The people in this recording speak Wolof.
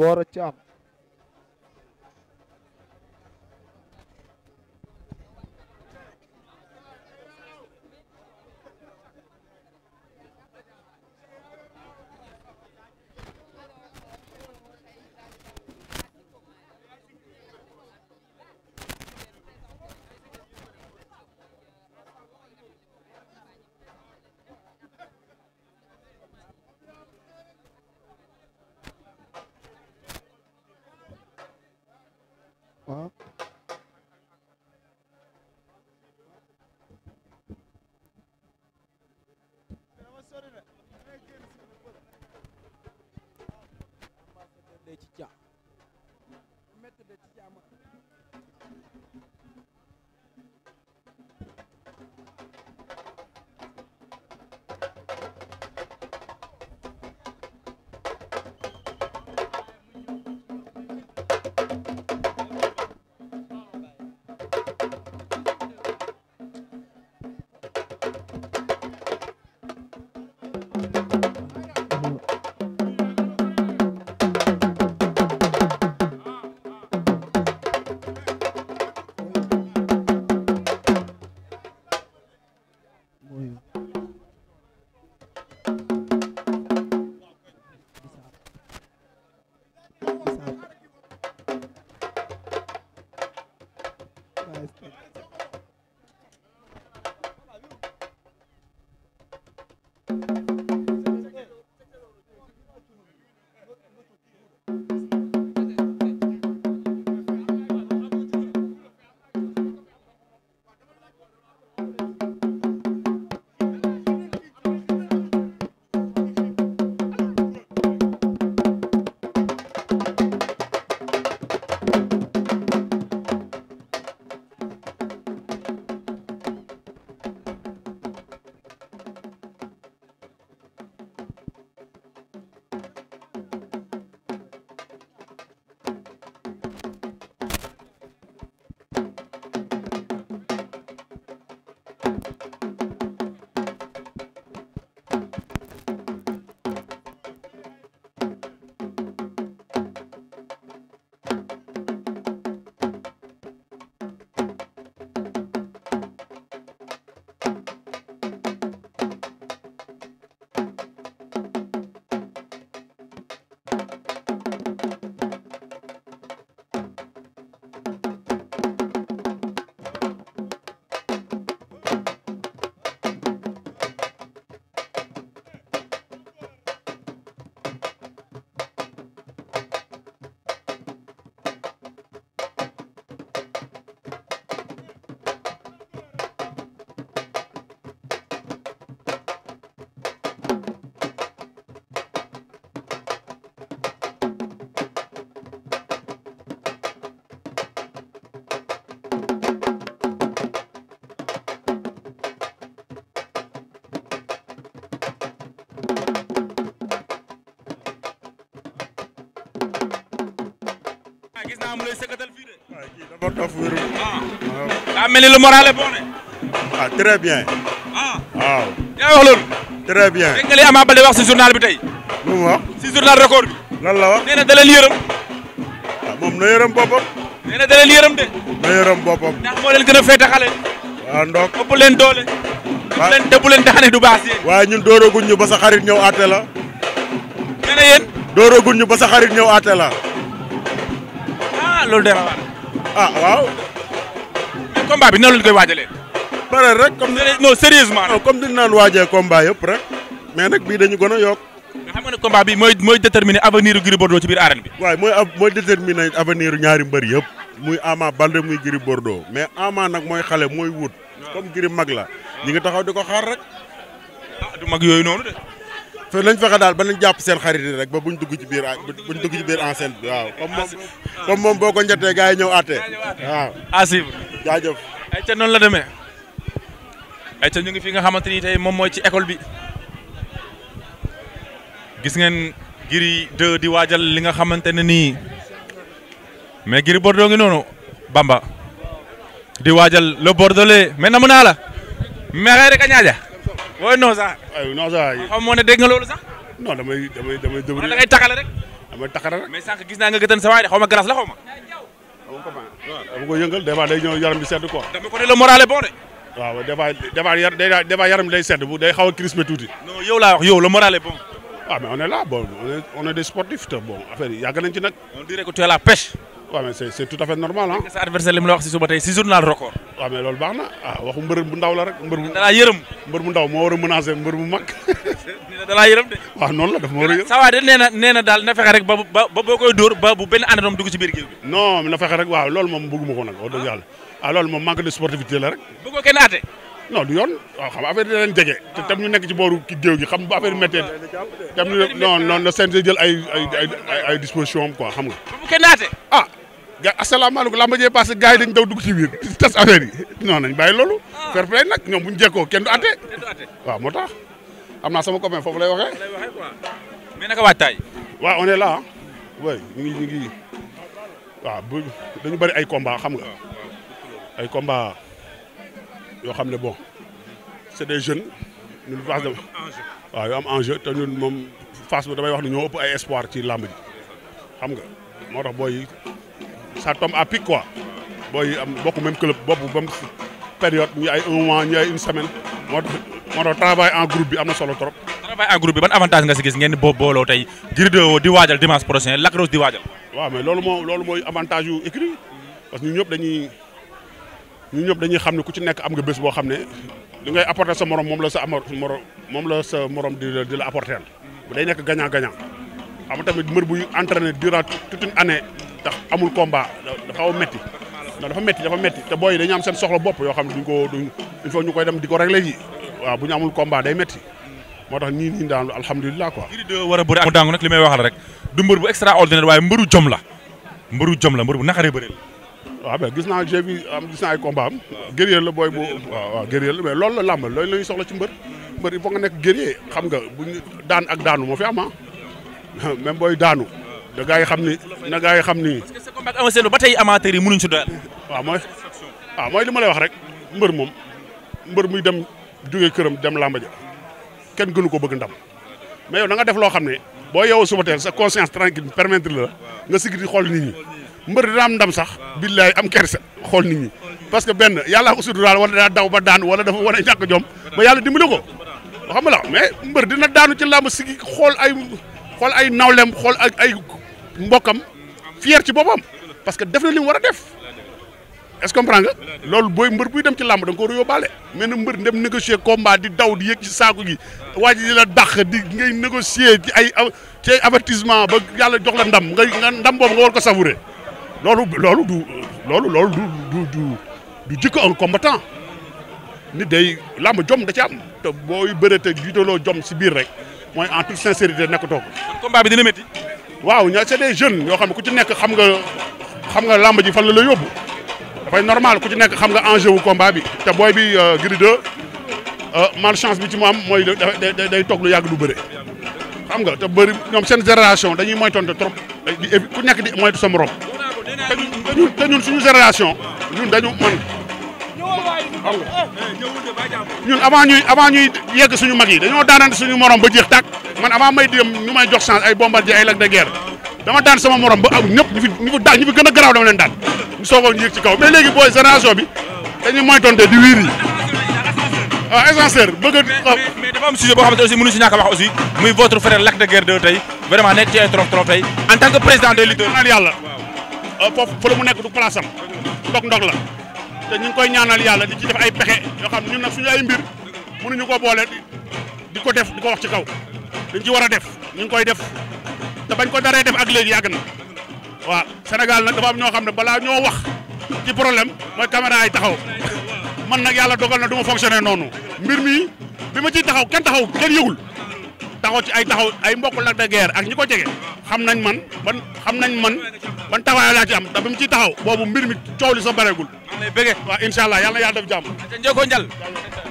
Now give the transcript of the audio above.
boora Thiam waaw Thank you. bon of wérul. mel ni le moral est ah très bien. Ah. waaw. yaa wax loolu. très bien dégg nga wax si journal bi tey. lu mu wax. si journal record bi. lan la wax ah, moom na yërëm boppam. nee na da leen yërëm a féete xale. waaw ndox leen doole. waaw leen leen daane du baax yéen. waaye ñun dooraguñ ñu ba sa xarit ñëw àtte la. nee na yéen. ñu ba sa xarit la. Ah, a ah, waaw. combat bi nan lañ koy waajalee. pare rek comme non sérieusement. non comme dañ naan waajee combat yëpp rek. mais nag bii dañu gën a yokk. nga ne combat bi mooy mooy déterminer avenir yu Gris ci biir arène bi. waaye mooy mooy déterminer avenir ñaari mbër yëpp. muy Ama Baldé muy Gris Bordeaux mais Ama nag mooy xale mooy wut. comme Gris mag la. ñi ngi taxaw di ko xaar rek. ah mag yooyu noonu fe lañ fexe daal ba nañ jàpp seen xarit yi rek ba buñ dugg ci biir buñ dugg ci biir enceinte bi waaw comme moom moom boo ko njattee gars yi ñëw àtte waaw asib ay ca noonu la demee ay ca ñu ngi fi nga xamante ni tey moom mooy ci école bi gis ngeen Gris 2 di waajal li nga xamante ne nii mais Gris Bordeaux ngi noonu Bamba di waajal le bordelais mais namu naa la mais xëy rek a ñaaja wooy Noza. aywa Noza. xaw ma ne dégg nga loolu sax. non damay damay damay. dama rek. damay taxale rek. mais sànq gis naa nga gëtan sa ma glace la xaw ma. dama ko yëngal des fois day yaram bi sedd quoi. ko ne le moral yar des fois yaram bi day sedd bu day tuuti. non yow laa wax yow le moral est bon. waaw ah, mais on est là bon on est on te bon affaire yi yàgg nañ ci nag. on dirait waaw mais c'est c'est tout à fait normal ah. adversaire li mu la wax si suba tey si journal record. waaw mais loolu baax na ah waxu mbër ndaw la rek. mbër bu da laa yërëm. ndaw moo war a menacer mbër bu mag. da laa yërëm de. waaw noonu a de nee daal na fexe rek ba ba ba koy dóor ba bu benn ànd doom dugg ci biir géew non na fexe rek waaw loolu moom bëgguma ko nag. wax dëgg ah. yàlla ah loolu moom manque de sportivité la rek. bëggoo kenn aate. non du yoon waaw xam affaire yi danañ jege. Ah. te tam ñu nekk ci ah. non na CNG ga asalaamaaleykum lamba jee passé gars yi dañ daw dugg ci biir tas affaire yi non nañ bàyyi loolu ah. fair play nag ñoom buñ jekkoo kenn du atte waaw moo tax am naa sama copain foofu lay waxee mais naka waajtaay waaw on est là way ñu ngi ñu ngi waaw bu dañu bëri ay combat xam nga ay combat yoo xam ne bon c'est des jeunes ñun Fass de waaw yoo am enjeu te ñun moom Fass bu damay wax ne ñoo ëpp ay espoir ci làmb ji xam nga moo tax booy ça tombe a pic quoi booy am bokk même club boobu ba période ñu ay une semaine moo tax moo en groupe bi am na solo trop. travail en groupe bi ban avantage nga si gis ngeen boo booloo tey Girdewo di waajal dimanche prochain Lac Rose di waajal. waaw mais loolu moo loolu mooy avantage yu écrit parce que ñu ñëpp dañuy ñu ñëpp dañuy xam ne ku ci nekk am nga bés boo xam ne dangay ngay sa morom moom la sa morom moom la sa morom di la di la apporter day nekk gagnant gagnant xam tax amul combat da xaw a métti non dafa métti dafa métti te booy yi dañu am seen soxla bopp yoo xam ne duñ ko duñ il ñu koy dem di ko régler ji waaw bu ñu amul combat day métti moo tax nii nii daan alhamdulilah ko Gris 2 war a bëri ak mu daangu nag li may waxal rek du mbër bu extraordinaire waaye mbëru jom la mbëru jom la mbër bu naqaree bari la. waaw mais gis naa j'ai vu am gis naa ay combat am. guerrier la booy bu waaw waaw guerrier la mais loolu la làmb loolu la ñuy soxla ci mbër mbër il faut nga nekk guerrier xam nga buñ daan ak daanu moo fi am ah. même booy daanu da gaa yi xam ni na gaa yi xam ni. parce que sa combat Eumeu Sène ba tey amateur yi mënuñ si doyal. waaw mooy waaw mooy li ma lay wax rek mbër moom mbër muy dem jógee këram dem làmba ja kenn gënu ko bëgg ndam mais yow na nga def loo xam ne boo yeewoo suba teel sa conscience tranquille permettre la nga sigg di xool nit ñi mbër dina am ndam sax billaay am kersa xool nit ñi parce que benn yàlla ko suturaal wala daa daw ba daan wala dafa wane ñàkk jom ba yàlla dimbali ko xam nga la mais mbër dina daanu ci làmb sigi xool ay xool ay nawlem xool ay ay mbokkam fier ci boppam parce que def na li mu war a def est-ce que loolu booy mbër buy dem ci làmb da nga ko war a na mbër dem négocier combat di daw di yëg ci saako gi waa ji di la dàq di ngay négocier ci ay ci ay avertissement ba yàlla jox la ndam nga ndam boobu nga war ko savourer loolu loolu du loolu loolu du du du jikko day làmb jom da ci am te booy bëreet te loo jom si biir rek mooy en toute sincérité nekkatoo ko. combat bi waaw ña c'est des jeunes yoo xam ne ku ci nekk xam nga xam nga làmb ji fan la la yóbbu dafay normal ku ci nekk xam nga enjeu wu combat bi te booy bi euh, Gris 2 euh, malchance bi ci mu am mooy day day toog lu yàgg du bëre. xam nga te bëri ñoom seen génération dañuy moytonte trop di eh, ku nekk di moytu sa morom te ñun te ñun suñu génération ñun dañu man ñun avant ñuy avant ñuy yegg suñu mag yi dañoo daanante suñu morom ba jeex tàkk. man avant may dem ñu may jox chance ay bombardier ay Lac de Guiers dama daan sama morom ba am ñëpp ñu fi ñu fi daal ñu fi gën a garaaw dama leen daan ñu soogoo ñu yëg ci kaw mais léegi booy génération bi dañuy moytonte di wiir yi waaw ah, bëgg a mais dafa am boo xamante aussi si a wax aussi muy votre frère Lac de Guiers 2 tey vraiment nekk ci ay trop trop tey en tant que président des lutteurs ñaanal yàlla ah, foofu fa la mu nekk du place ndog ndog la te ñu ngi koy ñaanal yàlla di ci def ay pexe xam ñun nag suñu ay mbir mënuñu ko di ko def di ko wax ci kaw dañ ci war a def ñu koy def te bañ ko daree def ak léegi yàgg na waaw Sénégal nag dafa am ñoo xam ne balaa ñoo wax ci problème mooy caméra yi taxaw man nag yàlla dogal na du ma fonctionner noonu mbir mi bi ma ciy taxaw kenn taxaw kenn yëgul taxaw ci ay taxaw ay mbokk Lac de Guiers ak ñi ko jege xam nañ man ban xam nañ man ban taxawaay laa ci am te bi mu ciy taxaw boobu mbir mi coow li sa bareegul. waaw incha allah yàlla na yàlla def jàmm.